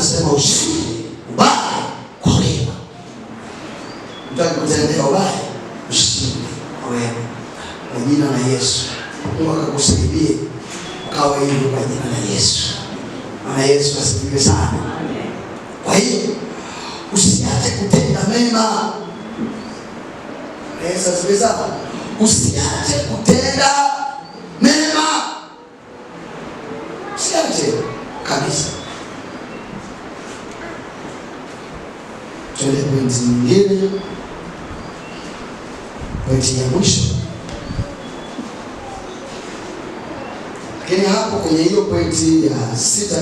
anasema usiwe ubaya kwa wema. Mtu akikutendea ubaya usiwe kwa wema. Kwa jina la Yesu, Mungu akakusaidie ukawa hivyo kwa jina la Yesu. Maana Yesu asifiwe sana. Kwa hiyo usiache kutenda mema. Yesu asifiwe sana. Usiache kutenda tuende pointi nyingine, pointi ya mwisho. Lakini hapo kwenye hiyo pointi ya sita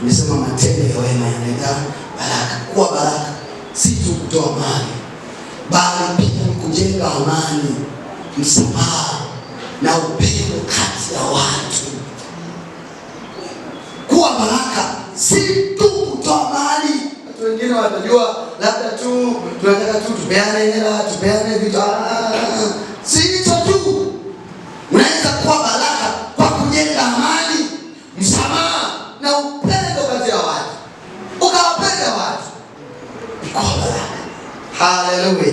nimesema matendo ya wema yanaleta baraka, kuwa baraka si tu kutoa mali, bali pia kujenga amani, msamaha na upendo kati ya watu. Kuwa baraka si wengine watajua labda tu tunataka tu tupeane hela, tupeane vitu. Ah, ah, ah, si hicho tu, unaweza kuwa baraka kwa kujenga amani, msamaha na upendo kati ya watu, ukawapenda watu Haleluya!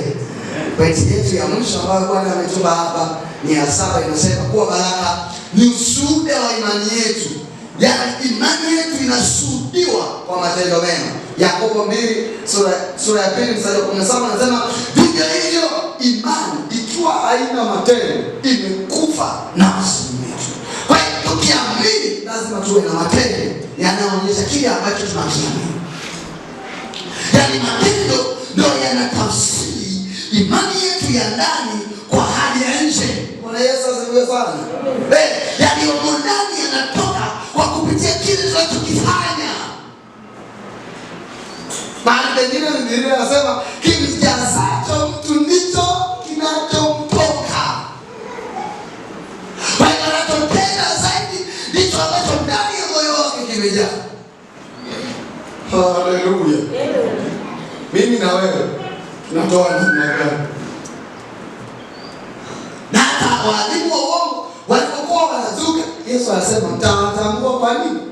Beti yetu ya mwisho ambayo Bwana ametuba hapa ni ya saba, inasema kuwa baraka ni usuda wa imani yetu ya imani yetu inashuhudiwa kwa matendo mema. Yakobo mbili sura ya pili mstari wa kumi na saba anasema vivyo hivyo imani ikiwa haina matendo imekufa nafsi yetu. Kwa hiyo tukiamini, lazima tuwe na matendo yanayoonyesha kile ambacho tunakiamini, yaani matendo ndio yanatafsiri imani yetu ya ndani kwa hali ya nje. Bwana Yesu asifiwe sana. Eh, yaani tunachokifanya. Mahali pengine Biblia inasema kimjazacho mtu ndicho kinachomtoka. Wale wanachotenda zaidi ndicho ambacho ndani ya moyo wake kimejaa. Haleluya! Mimi na wewe tunatoa namna gani? Na hata walimu wa uongo walipokuwa wanazuka, Yesu anasema mtawatambua. Kwa nini?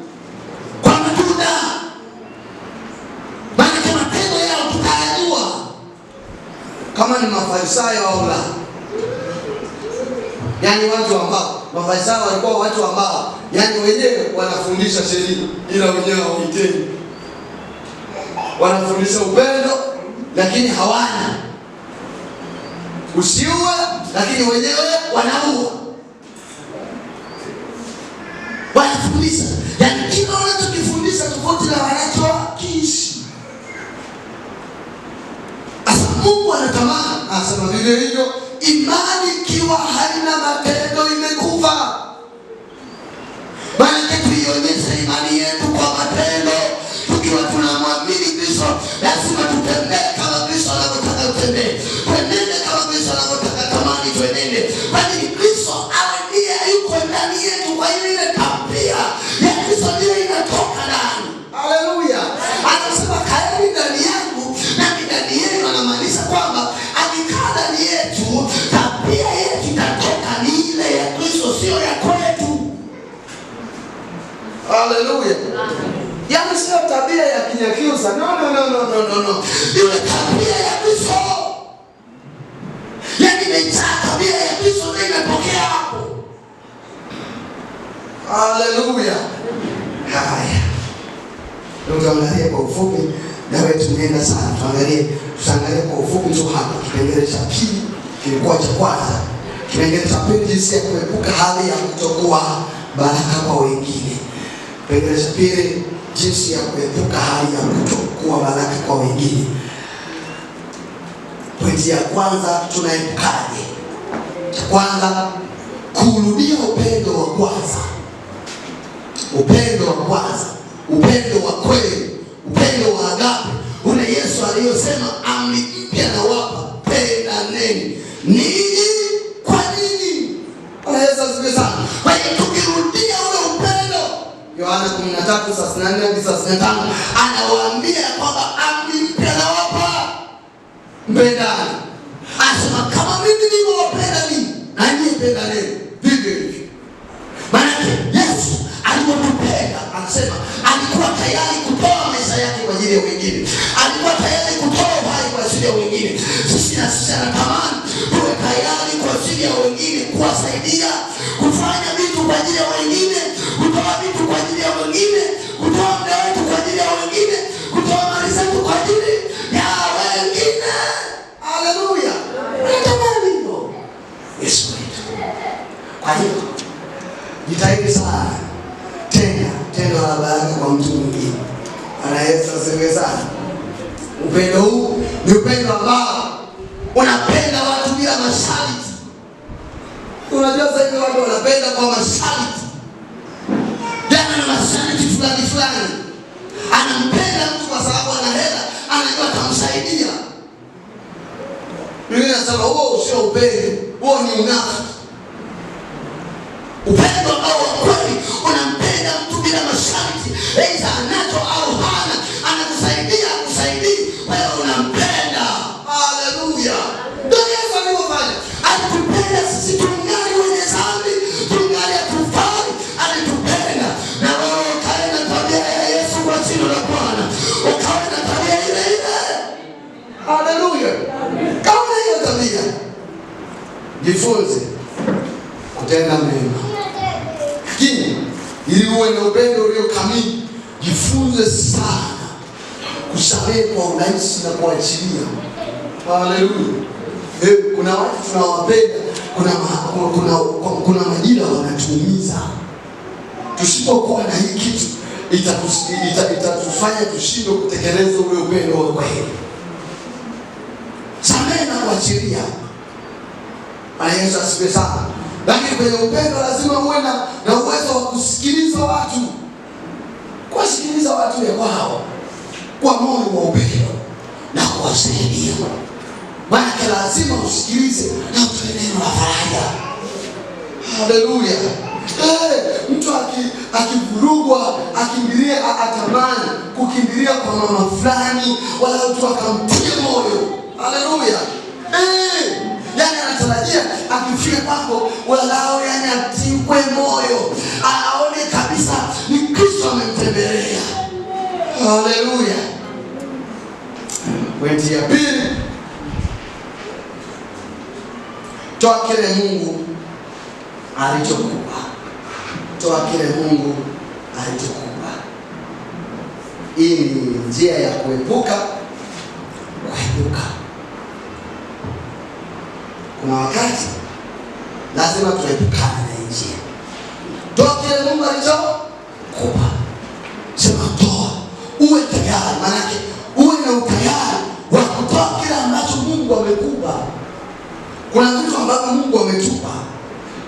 kama ni mafarisayo au la. Yaani watu ambao mafarisayo walikuwa watu ambao yaani wenyewe wanafundisha sheria ila wenyewe hawahitaji. Wanafundisha upendo lakini hawana. Usiue lakini wenyewe wanaua. Wanafundisha yaani anasema vivyo hivyo imani ikiwa haina matendo Haleluya. Yaani sio tabia ya kinyakyusa. No, no, no, no, no, no. Ile tabia ya Kristo. Yaani ni tabia ya Kristo ndio imepokea hapo. Haleluya. Haya. Tuangalie kwa ufupi na wewe tunaenda sana. Tuangalie, tuangalie kwa ufupi tu hapa. Kipengele cha pili kilikuwa cha kwanza. Kipengele cha pili jinsi ya kuepuka hali ya kutokuwa baraka kwa wengine. Pengine jinsi ya kuepuka hali ya kutokuwa baraka kwa wengine. Pointi ya kwanza, tunaepukaje? Kwanza, kurudia upendo wa kwanza, upendo wa kwanza, upendo wa kweli, upendo wa agape ule Yesu aliyosema anasema huo usioupendo huo ni unafiki. Upendo ili uwe na upendo ulio kamili. Jifunze sana kusamehe kwa urahisi na kuachilia. Haleluya! Eh, kuna watu tunawapenda, kuna kuna kuna majira wanatuumiza. Tusipokuwa na hii kitu itatufanya ita, tushindwe kutekeleza ule upendo wa kweli. Samehe na kuachilia. Yesu asifiwe sana. Lakini kwenye upendo lazima uwe na uwezo wa kusikiliza watu, kuwasikiliza watu kwao kwa moyo wa upendo na kuwasaidia. Maanake lazima usikilize na utoe neno la faraja. Haleluya! Hey, mtu akivurugwa akimbilia atamani kukimbilia kwa mama fulani, wala mtu akamtia moyo. Haleluya! hey yani anatarajia akifika kwako walao, yani atingwe moyo, aone kabisa ni Kristo amemtembelea. Haleluya. Pointi ya pili, toa kile Mungu alichokupa. Toa kile Mungu alichokupa. Hii ni njia ya kuepuka kuepuka kuna wakati lazima tuepukane na njia. Toa kile Mungu alichokupa, sema toa, uwe tayari, maanake uwe na utayari wa kutoa kile ambacho Mungu amekupa. Kuna vitu ambavyo Mungu ametupa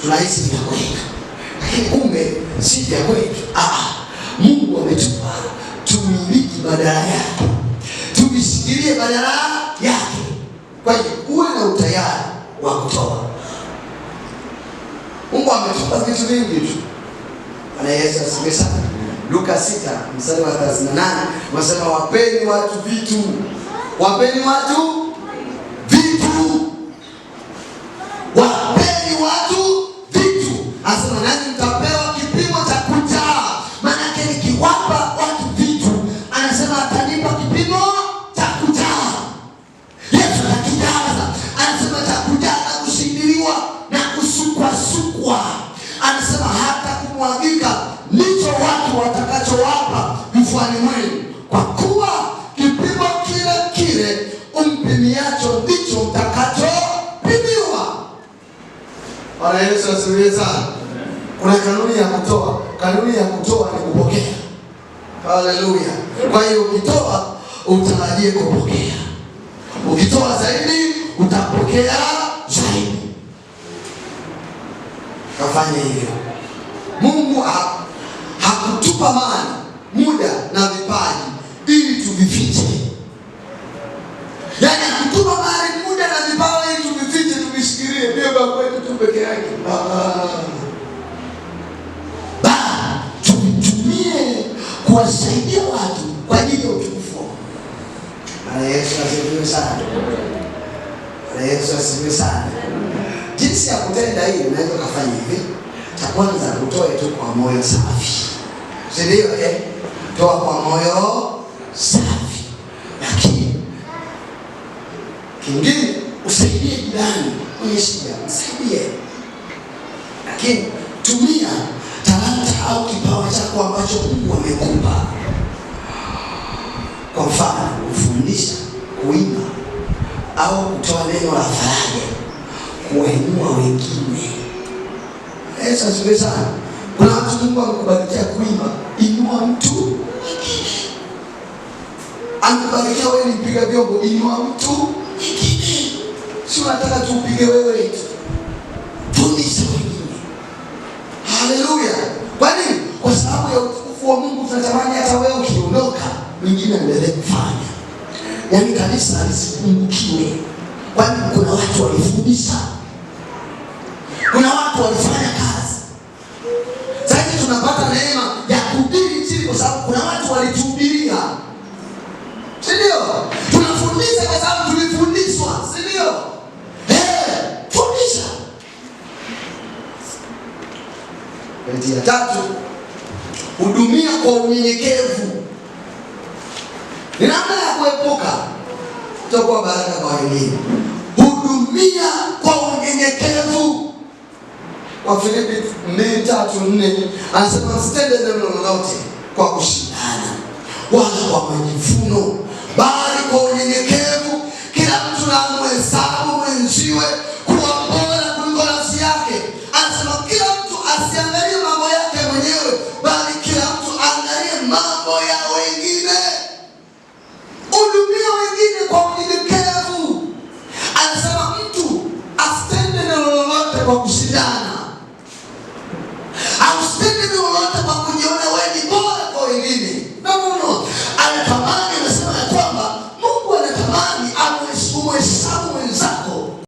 tunahisi vya kwetu, lakini kumbe si vya kwetu. Ah, Mungu ametupa tumiliki badala yake, tuvishikilie badala yake. Kwa hiyo uwe na utayari wa kutoa. Mungu ametupa vitu vingi tu. Bwana Yesu asifiwe sana. Luka sita mstari wa 38 wasema, wapeni watu vitu, wapeni watu Bwana Yesu asifiwe sana. Kuna kanuni ya kutoa. Kanuni ya kutoa ni kupokea. Haleluya. Kwa hiyo ukitoa utarajie kupokea. Ukitoa zaidi utapokea zaidi. Kafanya hivyo. Mungu Yesu asifiwe sana. Jinsi ya kutenda hii unaweza kufanya hivi. Cha kwanza utoe tu kwa moyo safi. Si ndio eh? Toa kwa moyo safi. Lakini kingine usaidie jirani, unyeshia, usaidie. Lakini tumia talanta au kipawa chako ambacho Mungu amekupa. Kwa mfano, kufundisha, kuimba au kutoa neno la faraja, kuwainua wengine. Yesu asifiwe sana. Kuna watu Mungu amekubarikia kuimba, inua mtu amekubarikia wewe, nipiga vyombo, inua mtu. Si unataka tupige wewe tu reasons nyingine, kwani kuna watu walifundisha, kuna watu walifanya kazi. Sasa tunapata neema ya kuhubiri Injili kwa sababu kuna watu walituhubiria, si ndio? Tunafundisha kwa sababu tulifundishwa, si ndio? fundisha. Pointi ya tatu, hudumia kwa unyenyekevu ni namna ya kuepuka utakuwa baraka kwa wengine. Hudumia kwa unyenyekevu. Wafilipi mbili tatu nne anasema msitende neno lolote kwa kushindana wala kwa majivuno, bali